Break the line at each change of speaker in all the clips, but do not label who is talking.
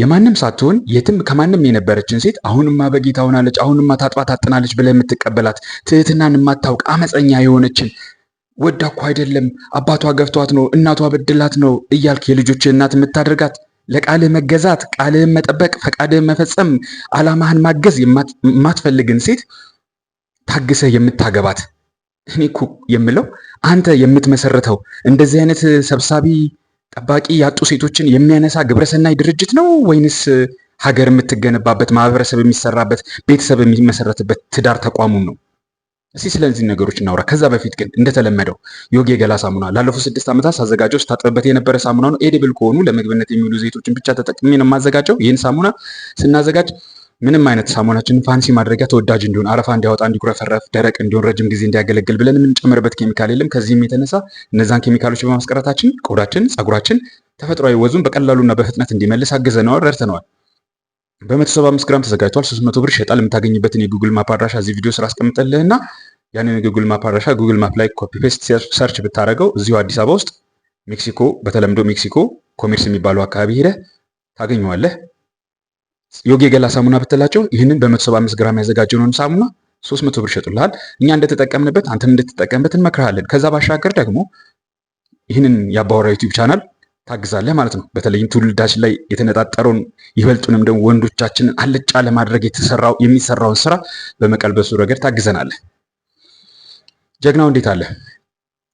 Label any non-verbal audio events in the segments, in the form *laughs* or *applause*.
የማንም ሳትሆን የትም ከማንም የነበረችን ሴት አሁንማ በጌታ ሆናለች፣ አሁንማ ታጥባ ታጥናለች ብለህ የምትቀበላት ትህትናን የማታውቅ አመፀኛ የሆነችን ወዳ እኮ አይደለም አባቷ ገብቷት ነው እናቷ በድላት ነው እያልክ የልጆች እናት የምታደርጋት ለቃልህ መገዛት፣ ቃልህን መጠበቅ፣ ፈቃድህን መፈጸም፣ አላማህን ማገዝ የማትፈልግን ሴት ታግሰህ የምታገባት እኔ እኮ የምለው አንተ የምትመሰርተው እንደዚህ አይነት ሰብሳቢ ጠባቂ ያጡ ሴቶችን የሚያነሳ ግብረሰናይ ድርጅት ነው ወይንስ ሀገር የምትገነባበት ማህበረሰብ የሚሰራበት ቤተሰብ የሚመሰረትበት ትዳር ተቋሙ ነው? እስኪ ስለዚህ ነገሮች እናውራ። ከዛ በፊት ግን እንደተለመደው ዮጊ የገላ ሳሙና ላለፉት ስድስት ዓመታት ሳዘጋጀው ስታጥብበት የነበረ ሳሙና ነው። ኤዲብል ከሆኑ ለምግብነት የሚውሉ ዘይቶችን ብቻ ተጠቅሜ ነው የማዘጋጀው። ይህን ሳሙና ስናዘጋጅ ምንም አይነት ሳሙናችን ፋንሲ ማድረጊያ ተወዳጅ እንዲሆን አረፋ እንዲያወጣ እንዲጉረፈረፍ ደረቅ እንዲሆን ረጅም ጊዜ እንዲያገለግል ብለን የምንጨምርበት ኬሚካል የለም። ከዚህም የተነሳ እነዛን ኬሚካሎች በማስቀረታችን ቆዳችን፣ ጸጉራችን ተፈጥሯዊ ወዙን በቀላሉና በፍጥነት እንዲመልስ አግዘነዋል፣ ረድተነዋል። በ175 ግራም ተዘጋጅቷል። 300 ብር ይሸጣል። የምታገኝበትን የጉግል ማፕ አድራሻ እዚህ ቪዲዮ ስራ አስቀምጠልህና ያንን የጉግል ማፕ አድራሻ ጉግል ማፕ ላይ ኮፒ ፔስት ሰርች ብታደረገው እዚሁ አዲስ አበባ ውስጥ ሜክሲኮ፣ በተለምዶ ሜክሲኮ ኮሜርስ የሚባለው አካባቢ ሄደህ ታገኘዋለህ። ዮጊ የገላ ሳሙና ብትላቸው ይህንን በ175 ግራም ያዘጋጀነውን ሳሙና 300 ብር ይሸጡልሃል። እኛ እንደተጠቀምንበት አንተም እንደተጠቀምበት እንመክርሃለን። ከዛ ባሻገር ደግሞ ይህንን የአባወራ ዩቲዩብ ቻናል ታግዛለህ ማለት ነው። በተለይም ትውልዳችን ላይ የተነጣጠረውን ይበልጡንም ደግሞ ወንዶቻችንን አልጫ ለማድረግ የሚሰራውን ስራ በመቀልበሱ ረገድ ታግዘናለህ። ጀግናው እንዴት አለ?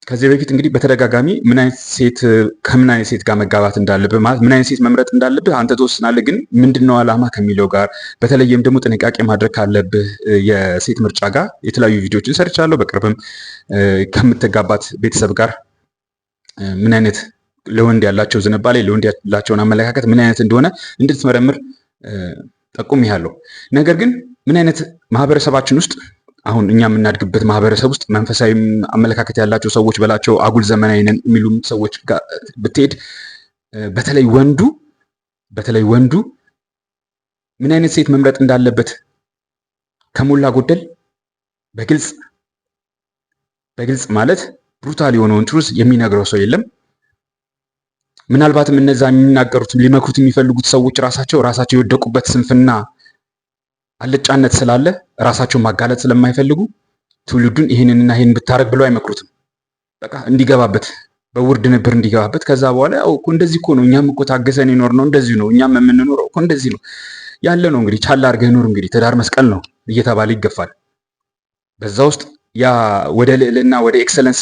ከዚህ በፊት እንግዲህ በተደጋጋሚ ምን አይነት ሴት ከምን አይነት ሴት ጋር መጋባት እንዳለብህ ማለት ምን አይነት ሴት መምረጥ እንዳለብህ አንተ ትወስናለህ። ግን ምንድነው አላማ ከሚለው ጋር በተለይም ደግሞ ጥንቃቄ ማድረግ ካለብህ የሴት ምርጫ ጋር የተለያዩ ቪዲዮዎችን ሰርቻለሁ። በቅርብም ከምትጋባት ቤተሰብ ጋር ምን አይነት ለወንድ ያላቸው ዝንባሌ ለወንድ ያላቸውን አመለካከት ምን አይነት እንደሆነ እንድትመረምር ያለው ነገር ግን ምን አይነት ማህበረሰባችን ውስጥ አሁን እኛ የምናድግበት ማህበረሰብ ውስጥ መንፈሳዊ አመለካከት ያላቸው ሰዎች በላቸው አጉል ዘመናዊ ነን የሚሉ ሰዎች ጋር ብትሄድ በተለይ ወንዱ በተለይ ወንዱ ምን አይነት ሴት መምረጥ እንዳለበት ከሞላ ጎደል በግልጽ በግልጽ ማለት ብሩታል የሆነውን ትሩዝ የሚነግረው ሰው የለም። ምናልባትም እነዛ የሚናገሩት ሊመክሩት የሚፈልጉት ሰዎች ራሳቸው ራሳቸው የወደቁበት ስንፍና አልጫነት ስላለ ራሳቸውን ማጋለጥ ስለማይፈልጉ ትውልዱን ይህንንና ይህን ብታረግ ብለው አይመክሩትም። በቃ እንዲገባበት በውርድ ንብር እንዲገባበት። ከዛ በኋላ ያው እኮ እንደዚህ እኮ ነው፣ እኛም እኮ ታገሰን ይኖር ነው፣ እንደዚህ ነው፣ እኛም የምንኖረው እኮ እንደዚህ ነው ያለ ነው። እንግዲህ ቻላ አድርገህ ኑር፣ እንግዲህ ትዳር መስቀል ነው እየተባለ ይገፋል። በዛ ውስጥ ያ ወደ ልዕልና ወደ ኤክሰለንስ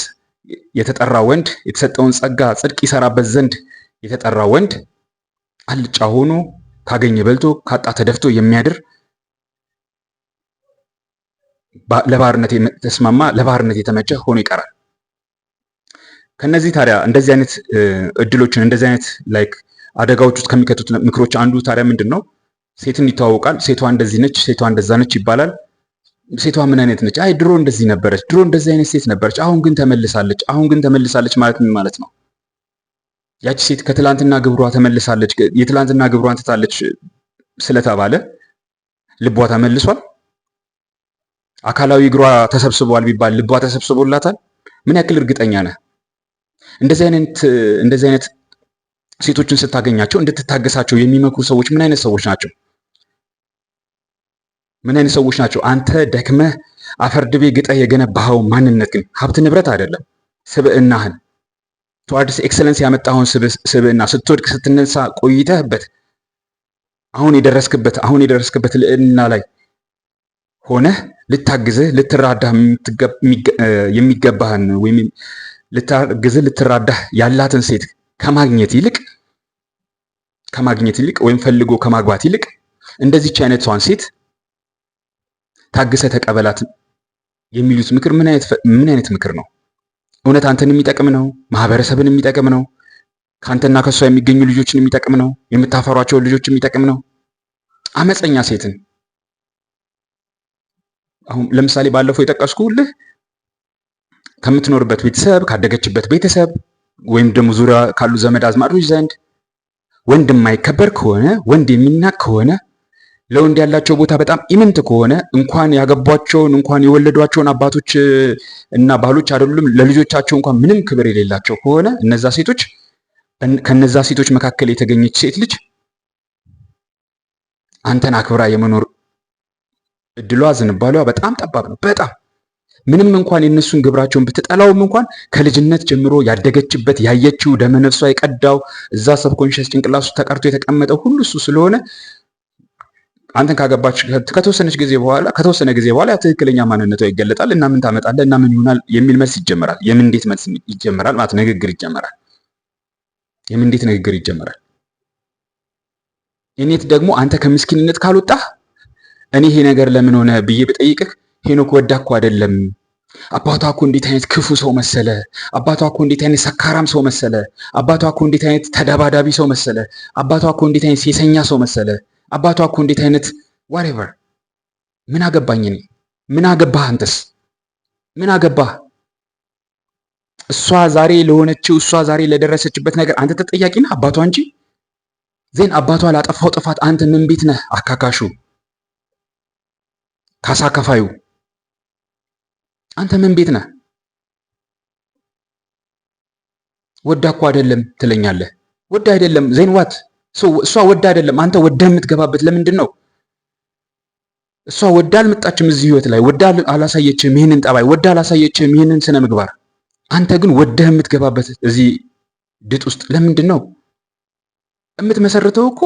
የተጠራ ወንድ የተሰጠውን ጸጋ ጽድቅ ይሰራበት ዘንድ የተጠራ ወንድ አልጫ ሆኖ ካገኘ በልቶ ካጣ ተደፍቶ የሚያድር ለባህርነት የተስማማ ለባህርነት የተመቸ ሆኖ ይቀራል። ከነዚህ ታዲያ እንደዚህ አይነት እድሎችን እንደዚህ አይነት ላይክ አደጋዎች ውስጥ ከሚከቱት ምክሮች አንዱ ታዲያ ምንድን ነው? ሴትን ይተዋወቃል። ሴቷ እንደዚህ ነች፣ ሴቷ እንደዛ ነች ይባላል። ሴቷ ምን አይነት ነች? አይ ድሮ እንደዚህ ነበረች፣ ድሮ እንደዚህ አይነት ሴት ነበረች፣ አሁን ግን ተመልሳለች፣ አሁን ግን ተመልሳለች ማለት ምን ማለት ነው? ያቺ ሴት ከትላንትና ግብሯ ተመልሳለች፣ የትላንትና ግብሯን ትታለች ስለተባለ ልቧ ተመልሷል? አካላዊ እግሯ ተሰብስቧል ቢባል ልቧ ተሰብስቦላታል? ምን ያክል እርግጠኛ ነህ? እንደዚህ አይነት እንደዚህ አይነት ሴቶችን ስታገኛቸው እንድትታገሳቸው የሚመክሩ ሰዎች ምን አይነት ሰዎች ናቸው? ምን አይነት ሰዎች ናቸው? አንተ ደክመህ አፈርድቤ ግጠህ የገነባኸው ማንነት ግን ሀብት ንብረት አይደለም። ስብዕናህን ቱዋርድስ ኤክሰለንስ ያመጣኸውን ስብዕና ስትወድቅ ስትነሳ ቆይተህበት አሁን የደረስክበት አሁን የደረስክበት ልዕልና ላይ ሆነህ ልታግዝህ ልትራዳህ የሚገባህን ወይም ልታግዝህ ልትራዳህ ያላትን ሴት ከማግኘት ይልቅ ከማግኘት ይልቅ ወይም ፈልጎ ከማግባት ይልቅ እንደዚች አይነቷን ሴት ታግሰ ተቀበላት የሚሉት ምክር ምን አይነት ምክር ነው? እውነት አንተን የሚጠቅም ነው? ማህበረሰብን የሚጠቅም ነው? ከአንተና ከእሷ የሚገኙ ልጆችን የሚጠቅም ነው? የምታፈሯቸውን ልጆች የሚጠቅም ነው? አመፀኛ ሴትን አሁን ለምሳሌ ባለፈው የጠቀስኩልህ ከምትኖርበት ቤተሰብ፣ ካደገችበት ቤተሰብ ወይም ደግሞ ዙሪያ ካሉ ዘመድ አዝማዶች ዘንድ ወንድ የማይከበር ከሆነ ወንድ የሚናቅ ከሆነ ለወንድ ያላቸው ቦታ በጣም ኢምንት ከሆነ እንኳን ያገቧቸውን እንኳን የወለዷቸውን አባቶች እና ባህሎች አይደሉም ለልጆቻቸው እንኳን ምንም ክብር የሌላቸው ከሆነ እነዛ ሴቶች ከነዛ ሴቶች መካከል የተገኘች ሴት ልጅ አንተን አክብራ የመኖር እድሏ ዝንባሏ በጣም ጠባብ ነው። በጣም ምንም እንኳን የእነሱን ግብራቸውን ብትጠላውም እንኳን ከልጅነት ጀምሮ ያደገችበት ያየችው ደመነፍሷ የቀዳው እዛ ሰብኮንሽስ ጭንቅላሱ ተቀርቶ የተቀመጠው ሁሉ እሱ ስለሆነ አንተን ካገባች ከተወሰነች ጊዜ በኋላ ከተወሰነ ጊዜ በኋላ ትክክለኛ ማንነቷ ይገለጣል እና ምን ታመጣለ እና ምን ይሆናል የሚል መልስ ይጀመራል። የምን እንዴት መልስ ይጀመራል ማለት ንግግር ይጀመራል። የምን እንዴት ንግግር ይጀመራል። እኔት ደግሞ አንተ ከምስኪንነት ካልወጣህ እኔ ይሄ ነገር ለምን ሆነ ብዬ ብጠይቅህ ሄኖክ ወዳ እኮ አይደለም አባቷ እኮ እንዴት አይነት ክፉ ሰው መሰለ፣ አባቷ እኮ እንዴት አይነት ሰካራም ሰው መሰለ፣ አባቷ እኮ እንዴት አይነት ተደባዳቢ ሰው መሰለ፣ አባቷ እኮ እንዴት አይነት ሴሰኛ ሰው መሰለ፣ አባቷ እኮ እንዴት አይነት ዋሬቨር። ምን አገባኝ እኔ? ምን አገባህ አንተስ? ምን አገባህ? እሷ ዛሬ ለሆነችው እሷ ዛሬ ለደረሰችበት ነገር አንተ ተጠያቂ ነህ፣ አባቷ እንጂ። ዜን አባቷ ላጠፋው ጥፋት አንተ ምን ቤት ነህ አካካሹ? ካሳ ከፋዩ አንተ ምን ቤት ነህ? ወዳ እኮ አይደለም ትለኛለህ። ወዳ አይደለም ዜን እሷ ወዳ አይደለም አንተ ወዳ የምትገባበት ለምንድን ነው? እሷ ወዳ አልመጣችም እዚህ ህይወት ላይ ወዳ አላሳየችም ይህንን ጠባይ ወዳ አላሳየችም ይህንን ስነ ምግባር። አንተ ግን ወደህ የምትገባበት እዚህ ድጥ ውስጥ ለምንድን ነው የምትመሰርተው? እኮ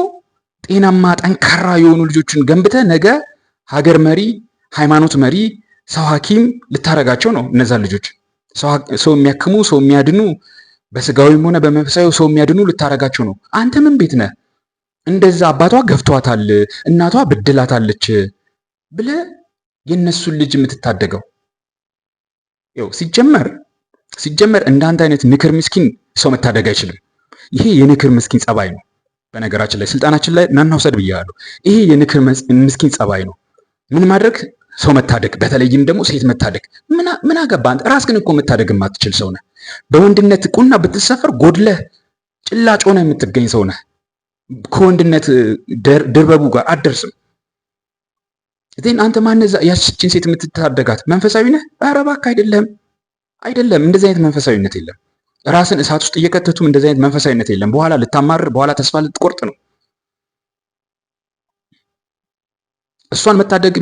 ጤናማ ጠንካራ የሆኑ ልጆችን ገንብተህ ነገ ሀገር መሪ ሃይማኖት መሪ፣ ሰው ሐኪም ልታረጋቸው ነው እነዛ ልጆች ሰው የሚያክሙ ሰው የሚያድኑ በስጋዊም ሆነ በመንፈሳዊ ሰው የሚያድኑ ልታረጋቸው ነው። አንተ ምን ቤት ነህ? እንደዛ አባቷ ገፍቷታል፣ እናቷ ብድላታለች ብለ የእነሱን ልጅ የምትታደገው ው ሲጀመር ሲጀመር እንዳንተ አይነት ንክር ምስኪን ሰው መታደግ አይችልም። ይሄ የንክር ምስኪን ጸባይ ነው። በነገራችን ላይ ስልጣናችን ላይ እናናውሰድ ብያለሁ። ይሄ የንክር ምስኪን ጸባይ ነው። ምን ማድረግ ሰው መታደግ፣ በተለይም ደግሞ ሴት መታደግ ምን አገባ ራስ ግን እኮ መታደግ የማትችል ሰው ነህ። በወንድነት ቁና ብትሰፈር ጎድለህ ጭላጭ ሆነህ የምትገኝ ሰው ነህ። ከወንድነት ድርበቡ ጋር አትደርስም። ዜን አንተ ማነህ ያችን ሴት የምትታደጋት? መንፈሳዊ ነህ? ኧረ እባክህ አይደለም፣ አይደለም። እንደዚህ አይነት መንፈሳዊነት የለም። ራስን እሳት ውስጥ እየከተቱም እንደዚህ አይነት መንፈሳዊነት የለም። በኋላ ልታማርር፣ በኋላ ተስፋ ልትቆርጥ ነው። እሷን መታደግ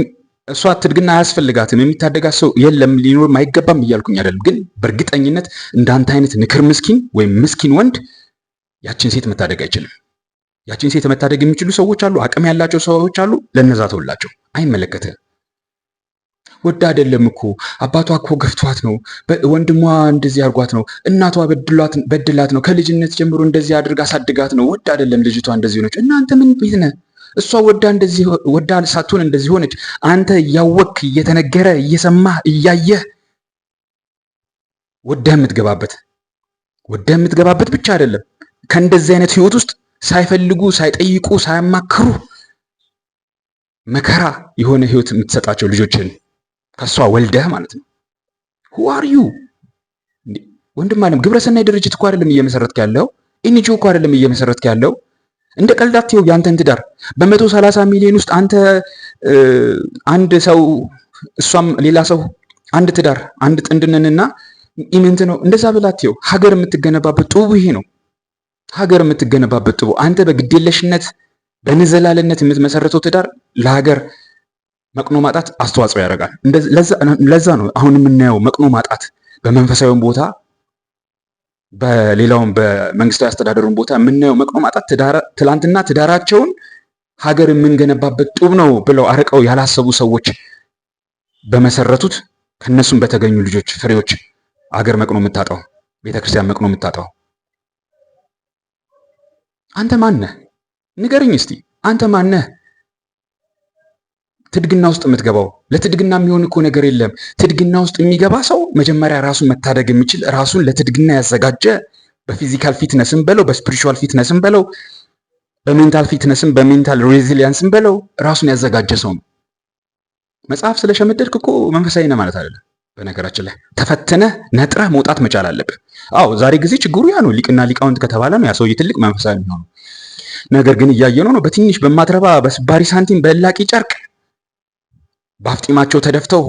እሷ ትድግና አያስፈልጋትም የሚታደጋት ሰው የለም ሊኖርም አይገባም እያልኩኝ አይደለም። ግን በእርግጠኝነት እንዳንተ አይነት ንክር ምስኪን ወይም ምስኪን ወንድ ያችን ሴት መታደግ አይችልም። ያችን ሴት መታደግ የሚችሉ ሰዎች አሉ፣ አቅም ያላቸው ሰዎች አሉ። ለነዛ ተውላቸው፣ አይመለከተ ወደ አይደለም እኮ አባቷ እኮ ገፍቷት ነው፣ ወንድሟ እንደዚህ አድርጓት ነው፣ እናቷ በድላት ነው፣ ከልጅነት ጀምሮ እንደዚህ አድርግ አሳድጋት ነው። ወደ አይደለም ልጅቷ እንደዚህ ነች። እናንተ ምን ቤት ነህ? እሷ ወዳ እንደዚህ ወዳ ሳትሆን እንደዚህ ሆነች። አንተ እያወቅ እየተነገረ እየሰማህ እያየህ ወደ የምትገባበት ወደ የምትገባበት ብቻ አይደለም ከእንደዚህ አይነት ህይወት ውስጥ ሳይፈልጉ ሳይጠይቁ ሳያማክሩ መከራ የሆነ ህይወት የምትሰጣቸው ልጆችን ከሷ ወልደህ ማለት ነው። ሁዋርዩ ወንድም አለም ግብረሰናይ ድርጅት እኮ አይደለም እየመሰረትክ ያለው፣ ኤንጂኦ እኮ አይደለም እየመሰረትክ ያለው እንደ ቀልዳት ይኸው ያንተን ትዳር በመቶ ሰላሳ ሚሊዮን ውስጥ አንተ አንድ ሰው እሷም ሌላ ሰው አንድ ትዳር አንድ ጥንድነንና ኢምንት ነው እንደዛ ብላት ሀገር የምትገነባበት ጥቡ ይሄ ነው። ሀገር የምትገነባበት ጥቡ አንተ በግዴለሽነት በንዘላልነት የምትመሰረተው ትዳር ለሀገር መቅኖ ማጣት አስተዋጽኦ ያደርጋል። ለዛ ነው አሁን የምናየው መቅኖ ማጣት በመንፈሳዊ ቦታ በሌላውም በመንግስታዊ አስተዳደሩን ቦታ የምናየው መቅማማጣት ትላንትና ትዳራቸውን ሀገር የምንገነባበት ጡብ ነው ብለው አርቀው ያላሰቡ ሰዎች በመሰረቱት ከነሱም በተገኙ ልጆች ፍሬዎች አገር መቅኖ የምታጣው ቤተክርስቲያን መቅኖ የምታጣው አንተ ማነህ? ንገርኝ እስቲ አንተ ማነህ? ትድግና ውስጥ የምትገባው። ለትድግና የሚሆን እኮ ነገር የለም። ትድግና ውስጥ የሚገባ ሰው መጀመሪያ ራሱን መታደግ የሚችል ራሱን ለትድግና ያዘጋጀ በፊዚካል ፊትነስም በለው በስፒሪቹዋል ፊትነስም በለው በሜንታል ፊትነስም በሜንታል ሬዚሊያንስም በለው ራሱን ያዘጋጀ ሰው ነው። መጽሐፍ ስለሸመደድክ እኮ መንፈሳዊ ነህ ማለት አይደለም። በነገራችን ላይ ተፈትነህ ነጥረህ መውጣት መቻል አለብህ። አዎ ዛሬ ጊዜ ችግሩ ያ ነው። ሊቅና ሊቃውንት ከተባለ ነው ያ ሰውዬ ትልቅ መንፈሳዊ የሚሆነው። ነገር ግን እያየነው ነው። በትንሽ በማትረባ በስባሪ ሳንቲም በላቂ ጨርቅ በአፍጢማቸው ተደፍተው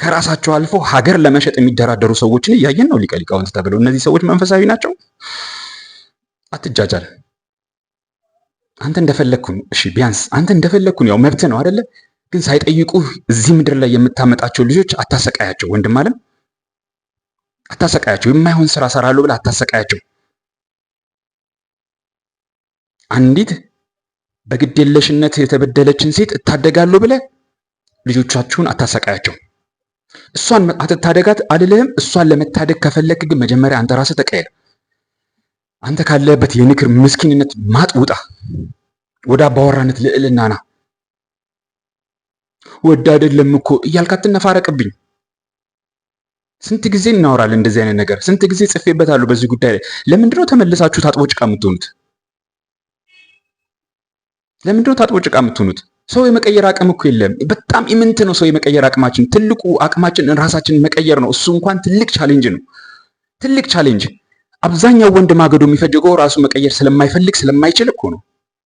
ከራሳቸው አልፎ ሀገር ለመሸጥ የሚደራደሩ ሰዎችን እያየን ነው። ሊቀ ሊቃውንት ተብለው እነዚህ ሰዎች መንፈሳዊ ናቸው። አትጃጃል። አንተ እንደፈለግኩን እሺ፣ ቢያንስ አንተ እንደፈለግኩን ያው መብት ነው አደለ? ግን ሳይጠይቁ እዚህ ምድር ላይ የምታመጣቸው ልጆች አታሰቃያቸው። ወንድም አለም አታሰቃያቸው። የማይሆን ስራ ሰራለሁ ብለህ አታሰቃያቸው። አንዲት በግዴለሽነት የተበደለችን ሴት እታደጋለሁ ብለህ ልጆቻችሁን አታሰቃያቸው። እሷን አትታደጋት አልልህም። እሷን ለመታደግ ከፈለክ ግን መጀመሪያ አንተ ራስህ ተቀየር። አንተ ካለበት የንክር ምስኪንነት ማጥ ውጣ፣ ወደ አባወራነት ልዕልና ና። ወደ አይደለም እኮ እያልክ አትነፋረቅብኝ። ስንት ጊዜ እናወራለን እንደዚህ አይነት ነገር፣ ስንት ጊዜ ጽፌበታለሁ በዚህ ጉዳይ ላይ። ለምንድነው ተመልሳችሁ ታጥቦ ጭቃ የምትሆኑት? ለምንድነው ታጥቦ ጭቃ የምትሆኑት? ሰው የመቀየር አቅም እኮ የለም። በጣም ኢምንት ነው ሰው የመቀየር አቅማችን። ትልቁ አቅማችን ራሳችን መቀየር ነው። እሱ እንኳን ትልቅ ቻሌንጅ ነው። ትልቅ ቻሌንጅ። አብዛኛው ወንድ ማገዶ የሚፈጅገው ራሱ መቀየር ስለማይፈልግ ስለማይችል እኮ ነው።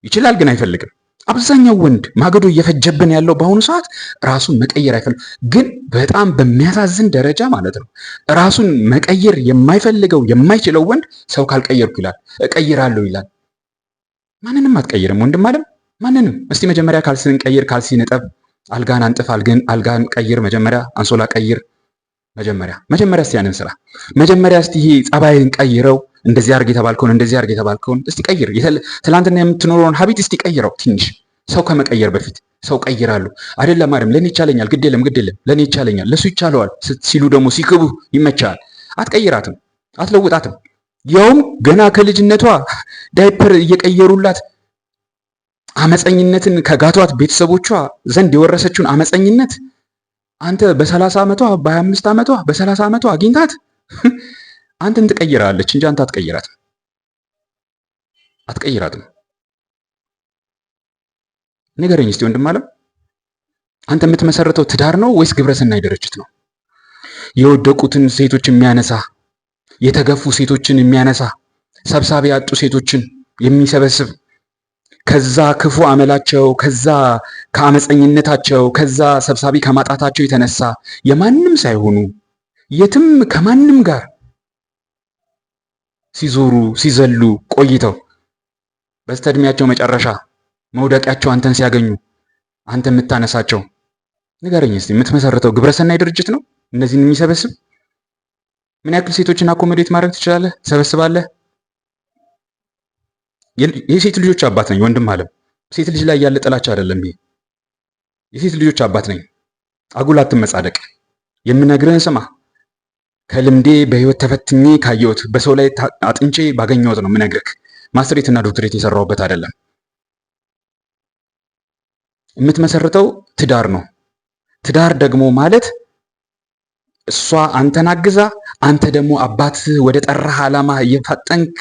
ይችላል ግን አይፈልግም። አብዛኛው ወንድ ማገዶ እየፈጀብን ያለው በአሁኑ ሰዓት ራሱን መቀየር አይፈልግ፣ ግን በጣም በሚያሳዝን ደረጃ ማለት ነው ራሱን መቀየር የማይፈልገው የማይችለው ወንድ ሰው ካልቀየርኩ ይላል፣ እቀይራለሁ ይላል። ማንንም አትቀይርም ወንድም አለም ማንንም እስቲ መጀመሪያ ካልሲን ቀይር፣ ካልሲ ንጠብ፣ አልጋን አንጥፍ፣ አልጋን ቀይር፣ መጀመሪያ አንሶላ ቀይር፣ መጀመሪያ መጀመሪያ እስቲ ያንን ስራ መጀመሪያ እስቲ ይሄ ጸባይን ቀይረው። እንደዚህ አርግ የተባልከውን እንደዚህ አርግ የተባልከውን እስቲ ቀይር። ትላንትና የምትኖረውን ሀቢት እስቲ ቀይረው። ትንሽ ሰው ከመቀየር በፊት ሰው ቀይራሉ አይደለም አይደለም፣ ለኔ ይቻለኛል፣ ግድ የለም ግድ የለም፣ ለኔ ይቻለኛል፣ ለሱ ይቻለዋል ሲሉ ደግሞ ሲክቡ ይመቻል። አትቀይራትም፣ አትለውጣትም። ያውም ገና ከልጅነቷ ዳይፐር እየቀየሩላት አመፀኝነትን ከጋቷት ቤተሰቦቿ ዘንድ የወረሰችውን አመፀኝነት አንተ በ30 ዓመቷ በ25 ዓመቷ በ30 ዓመቷ አግኝታት *laughs* አንተን ትቀይራለች እንጂ አንተ አትቀይራትም አትቀይራትም። ንገረኝ እስቲ ወንድም አለም አንተ የምትመሰረተው ትዳር ነው ወይስ ግብረሰናይ ድርጅት ነው? የወደቁትን ሴቶች የሚያነሳ የተገፉ ሴቶችን የሚያነሳ ሰብሳቢ ያጡ ሴቶችን የሚሰበስብ ከዛ ክፉ አመላቸው ከዛ ከአመፀኝነታቸው ከዛ ሰብሳቢ ከማጣታቸው የተነሳ የማንም ሳይሆኑ የትም ከማንም ጋር ሲዞሩ ሲዘሉ ቆይተው በስተዕድሜያቸው መጨረሻ መውደቂያቸው አንተን ሲያገኙ አንተ የምታነሳቸው ንገረኝ እስኪ። የምትመሰርተው ግብረሰናይ ድርጅት ነው እነዚህን የሚሰበስብ ምን ያክል ሴቶችን አኮመዴት ማድረግ ትችላለህ? ትሰበስባለህ? የሴት ልጆች አባት ነኝ ወንድም አለም። ሴት ልጅ ላይ ያለ ጥላቻ አይደለም ይሄ። የሴት ልጆች አባት ነኝ። አጉል አትመጻደቅ። የምነግርህን ስማ። ከልምዴ በህይወት ተፈትኜ ካየሁት በሰው ላይ አጥንቼ ባገኘሁት ነው የምነግርህ። ማስትሬት እና ዶክትሬት የሰራሁበት አይደለም። የምትመሰርተው ትዳር ነው። ትዳር ደግሞ ማለት እሷ አንተን አግዛ፣ አንተ ደግሞ አባት ወደ ጠራህ ዓላማ እየፋጠንክ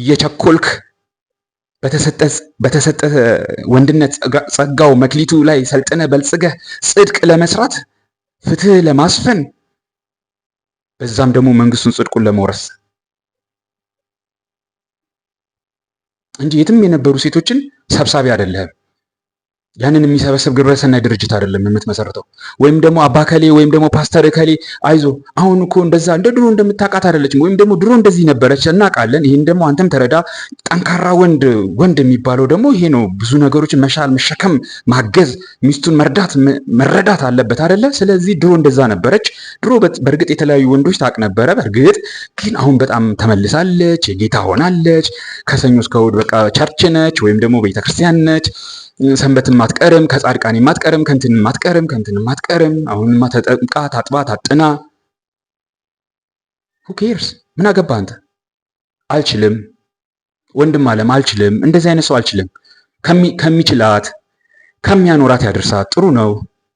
እየቸኮልክ በተሰጠ ወንድነት ጸጋው መክሊቱ ላይ ሰልጥነ በልጽገህ ጽድቅ ለመስራት ፍትህ ለማስፈን በዛም ደግሞ መንግስቱን ጽድቁን ለመውረስ እንጂ የትም የነበሩ ሴቶችን ሰብሳቢ አይደለህም። ያንን የሚሰበስብ ግብረሰናይ ድርጅት አይደለም የምትመሰርተው። ወይም ደግሞ አባከሌ ወይም ደግሞ ፓስተር እከሌ አይዞ አሁን እኮ እንደዛ እንደ ድሮ እንደምታውቃት አይደለችም፣ ወይም ደግሞ ድሮ እንደዚህ ነበረች እናውቃለን፣ ይህን ደግሞ አንተም ተረዳ። ጠንካራ ወንድ ወንድ የሚባለው ደግሞ ይሄ ነው። ብዙ ነገሮችን መሻል፣ መሸከም፣ ማገዝ፣ ሚስቱን መርዳት፣ መረዳት አለበት አይደለ? ስለዚህ ድሮ እንደዛ ነበረች። ድሮ በእርግጥ የተለያዩ ወንዶች ታውቅ ነበረ፣ በእርግጥ ግን አሁን በጣም ተመልሳለች፣ የጌታ ሆናለች። ከሰኞ እስከ እሑድ በቃ ቸርች ነች፣ ወይም ደግሞ ቤተክርስቲያን ነች። ሰንበትን ማትቀርም ከጻድቃኔ ማትቀርም ከንትን ማትቀርም ከንትን ማትቀርም አሁንማ ተጠምቃ ታጥባ ታጥና ኬርስ ምን አገባ አንተ አልችልም ወንድም አለም አልችልም እንደዚህ አይነት ሰው አልችልም ከሚችላት ከሚያኖራት ያደርሳት ጥሩ ነው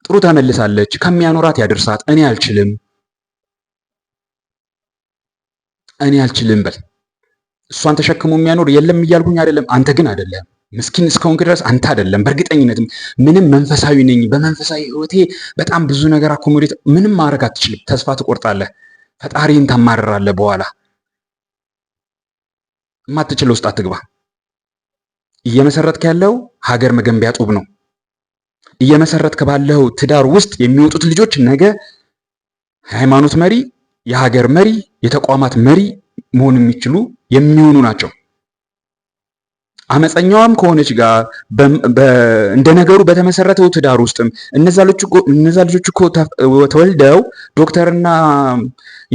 ጥሩ ተመልሳለች ከሚያኖራት ያደርሳት እኔ አልችልም እኔ አልችልም በል እሷን ተሸክሞ የሚያኖር የለም እያልኩኝ አይደለም አንተ ግን አይደለም ምስኪን እስከሆንክ ድረስ አንተ አይደለም። በእርግጠኝነት ምንም መንፈሳዊ ነኝ፣ በመንፈሳዊ ህይወቴ በጣም ብዙ ነገር አኮሞዴት፣ ምንም ማድረግ አትችልም። ተስፋ ትቆርጣለህ፣ ፈጣሪን ታማርራለህ። በኋላ የማትችል ውስጥ አትግባ። እየመሰረትክ ያለው ሀገር መገንቢያ ጡብ ነው። እየመሰረትክ ባለው ትዳር ውስጥ የሚወጡት ልጆች ነገ ሃይማኖት መሪ፣ የሀገር መሪ፣ የተቋማት መሪ መሆን የሚችሉ የሚሆኑ ናቸው። አመፀኛዋም ከሆነች ጋር እንደ ነገሩ በተመሰረተው ትዳር ውስጥም እነዛ ልጆች እኮ ተወልደው ዶክተርና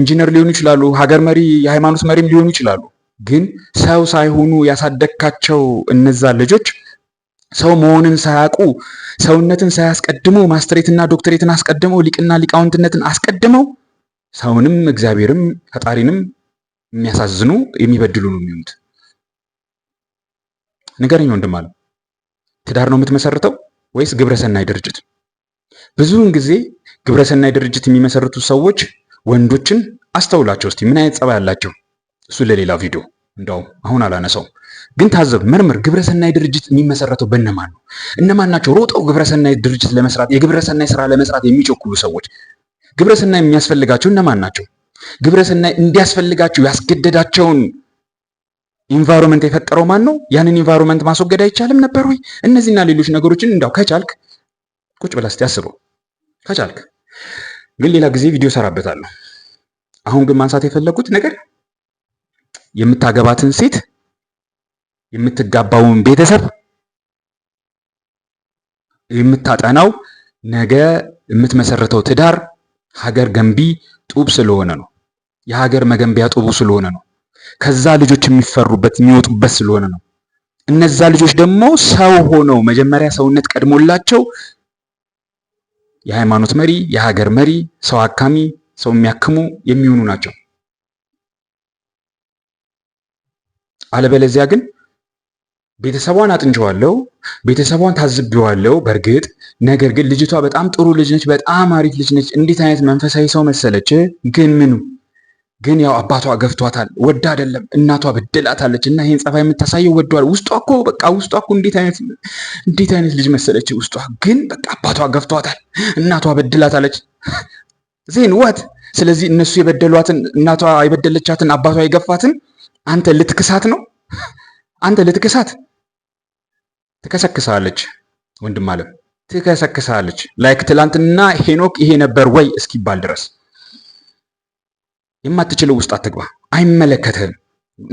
ኢንጂነር ሊሆኑ ይችላሉ፣ ሀገር መሪ፣ የሃይማኖት መሪም ሊሆኑ ይችላሉ። ግን ሰው ሳይሆኑ ያሳደግካቸው እነዛ ልጆች ሰው መሆንን ሳያውቁ ሰውነትን ሳያስቀድሙ ማስትሬትና ዶክትሬትን አስቀድመው ሊቅና ሊቃውንትነትን አስቀድመው ሰውንም እግዚአብሔርም ፈጣሪንም የሚያሳዝኑ የሚበድሉ ነው የሚሆኑት። ንገረኝ ወንድም አለ። ትዳር ነው የምትመሰርተው ወይስ ግብረሰናይ ድርጅት? ብዙውን ጊዜ ግብረሰናይ ድርጅት የሚመሰርቱ ሰዎች ወንዶችን አስተውላቸው እስቲ ምን አይነት ጸባይ ያላቸው። እሱ ለሌላ ቪዲዮ እንደውም አሁን አላነሳው ግን ታዘብ፣ መርምር። ግብረሰናይ ድርጅት የሚመሰረተው በእነማን ነው? እነማን ናቸው ሮጠው ግብረሰናይ ድርጅት ለመስራት የግብረሰናይ ስራ ለመስራት የሚቸኩሉ ሰዎች? ግብረሰናይ የሚያስፈልጋቸው እነማን ናቸው? ግብረሰናይ እንዲያስፈልጋቸው ያስገደዳቸውን ኢንቫይሮንመንት የፈጠረው ማን ነው? ያንን ኢንቫይሮንመንት ማስወገድ አይቻልም ነበር ወይ? እነዚህና ሌሎች ነገሮችን እንዳው ከቻልክ ቁጭ ብላ እስቲ አስበው ከቻልክ ግን ሌላ ጊዜ ቪዲዮ ሰራበታለሁ። አሁን ግን ማንሳት የፈለኩት ነገር የምታገባትን ሴት የምትጋባውን ቤተሰብ የምታጠናው ነገ የምትመሰርተው ትዳር ሀገር ገንቢ ጡብ ስለሆነ ነው። የሀገር መገንቢያ ጡቡ ስለሆነ ነው። ከዛ ልጆች የሚፈሩበት የሚወጡበት ስለሆነ ነው። እነዛ ልጆች ደግሞ ሰው ሆነው መጀመሪያ ሰውነት ቀድሞላቸው የሃይማኖት መሪ፣ የሀገር መሪ፣ ሰው አካሚ፣ ሰው የሚያክሙ የሚሆኑ ናቸው። አለበለዚያ ግን ቤተሰቧን አጥንቼዋለሁ፣ ቤተሰቧን ታዝቢዋለው በእርግጥ ነገር ግን ልጅቷ በጣም ጥሩ ልጅ ነች፣ በጣም አሪፍ ልጅ ነች። እንዴት አይነት መንፈሳዊ ሰው መሰለች! ግን ምኑ ግን ያው አባቷ ገፍቷታል፣ ወዳ አይደለም እናቷ ብድላታለች። እና ይህን ጸፋ የምታሳየው ወደዋል። ውስጧ እኮ በቃ ውስጧ እኮ እንዴት አይነት ልጅ መሰለች! ውስጧ ግን በቃ አባቷ ገፍቷታል፣ እናቷ ብድላታለች። ዜን ወት ስለዚህ እነሱ የበደሏትን እናቷ የበደለቻትን አባቷ የገፋትን አንተ ልትክሳት ነው? አንተ ልትክሳት ትከሰክሳለች። ወንድም አለም ትከሰክሳለች። ላይክ ትላንትና ሄኖክ ይሄ ነበር ወይ እስኪባል ድረስ የማትችለው ውስጥ አትግባ። አይመለከትህም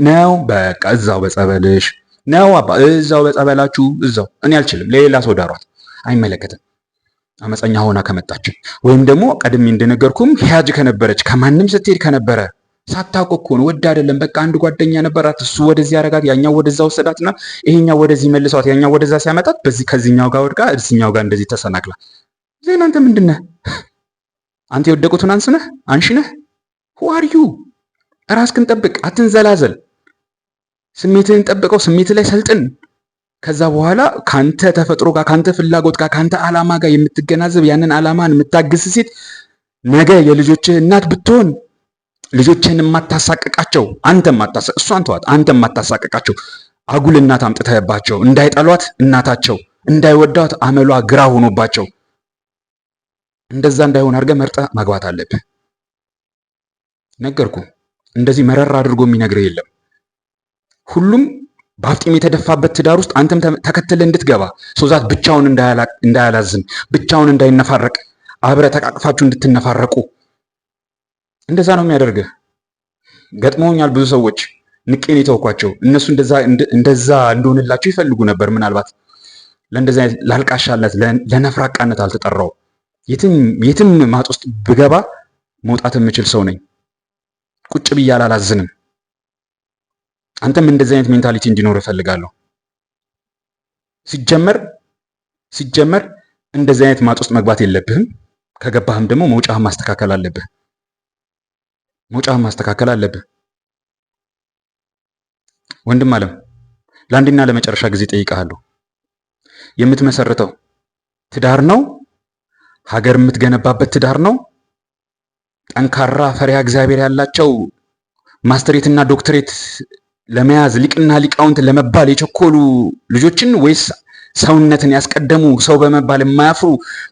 ነው በቃ። እዛው በጸበልሽ ነው አባ፣ እዛው በጸበላችሁ እዛው። እኔ አልችልም፣ ሌላ ሰው ዳሯት። አይመለከትም። አመፀኛ ሆና ከመጣች ወይም ደግሞ ቀድሜ እንደነገርኩም ሂያጅ ከነበረች ከማንም ስትሄድ ከነበረ ሳታውቅ እኮ ነው። ወድ አይደለም። በቃ አንድ ጓደኛ ነበራት። እሱ ወደዚህ ያረጋት፣ ያኛው ወደዛ ወሰዳትና ይሄኛው ወደዚህ መልሰዋት፣ ያኛው ወደዛ ሲያመጣት በዚህ ከዚህኛው ጋር ወድቃ እዚህኛው ጋር እንደዚህ ተሰናክላ ዜና። አንተ አንተ የወደቁትን አንስነህ አንሺ ነህ ሁአርዩ ራስክን ጠብቅ፣ አትንዘላዘል። ስሜትህን ጠብቀው፣ ስሜት ላይ ሰልጥን። ከዛ በኋላ ከአንተ ተፈጥሮ ጋር ከአንተ ፍላጎት ጋር ከአንተ ዓላማ ጋር የምትገናዘብ ያንን ዓላማን የምታግስ ሴት ነገ የልጆችህ እናት ብትሆን ልጆችህን የማታሳቅቃቸው አንተ እሷን ተዋት፣ አንተ የማታሳቅቃቸው አጉል እናት አምጥተህባቸው እንዳይጠሏት እናታቸው እንዳይወዳት አመሏ ግራ ሆኖባቸው እንደዛ እንዳይሆን አድርገህ መርጠህ ማግባት አለብህ። ነገርኩ። እንደዚህ መረር አድርጎ የሚነግር የለም። ሁሉም በአፍጢም የተደፋበት ትዳር ውስጥ አንተም ተከትለ እንድትገባ ሶዛት ብቻውን እንዳያላዝን፣ ብቻውን እንዳይነፋረቅ፣ አብረ ተቃቅፋችሁ እንድትነፋረቁ እንደዛ ነው የሚያደርግህ። ገጥመውኛል ብዙ ሰዎች ንቄን የተውኳቸው እነሱ እንደዛ እንደሆንላቸው ይፈልጉ ነበር። ምናልባት ለእንደዚህ ላልቃሻነት፣ ለነፍራቃነት አልተጠራው። የትም ማጥ ውስጥ ብገባ መውጣት የምችል ሰው ነኝ። ቁጭ ብዬ አላላዝንም። አንተም እንደዚህ አይነት ሜንታሊቲ እንዲኖር እፈልጋለሁ። ሲጀመር ሲጀመር እንደዚህ አይነት ማጥ ውስጥ መግባት የለብህም። ከገባህም ደግሞ መውጫህን ማስተካከል አለብህ። መውጫህን ማስተካከል አለብህ። ወንድም አለም ለአንድና ለመጨረሻ ጊዜ ጠይቀሃለሁ። የምትመሰርተው ትዳር ነው፣ ሀገር የምትገነባበት ትዳር ነው ጠንካራ ፈሪሃ እግዚአብሔር ያላቸው ማስተሬትና ዶክትሬት ለመያዝ ሊቅና ሊቃውንት ለመባል የቸኮሉ ልጆችን ወይስ ሰውነትን ያስቀደሙ ሰው በመባል የማያፍሩ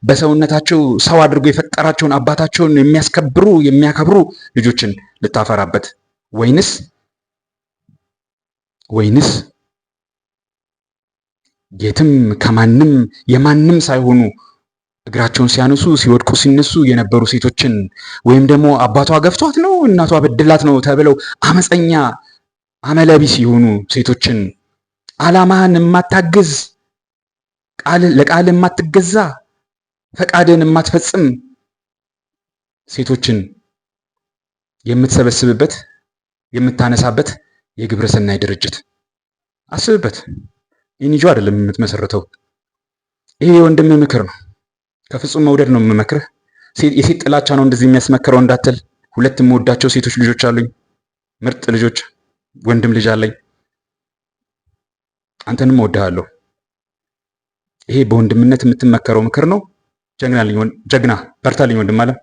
በሰውነታቸው ሰው አድርጎ የፈጠራቸውን አባታቸውን የሚያስከብሩ የሚያከብሩ ልጆችን ልታፈራበት ወይንስ ወይንስ የትም ከማንም የማንም ሳይሆኑ እግራቸውን ሲያነሱ ሲወድቁ ሲነሱ የነበሩ ሴቶችን ወይም ደግሞ አባቷ ገፍቷት ነው እናቷ በድላት ነው ተብለው አመፀኛ አመለቢስ የሆኑ ሴቶችን ዓላማህን የማታግዝ ለቃል የማትገዛ ፈቃድን የማትፈጽም ሴቶችን የምትሰበስብበት የምታነሳበት የግብረ ሰናይ ድርጅት አስብበት። ኢንጆ አይደለም የምትመሰርተው። ይሄ የወንድም ምክር ነው። ከፍጹም መውደድ ነው የምመክርህ። የሴት ጥላቻ ነው እንደዚህ የሚያስመክረው እንዳትል። ሁለት የምወዳቸው ሴቶች ልጆች አሉኝ፣ ምርጥ ልጆች፣ ወንድም ልጅ አለኝ። አንተንም እወድሃለሁ። ይሄ በወንድምነት የምትመከረው ምክር ነው። ጀግና በርታልኝ ወንድም አለም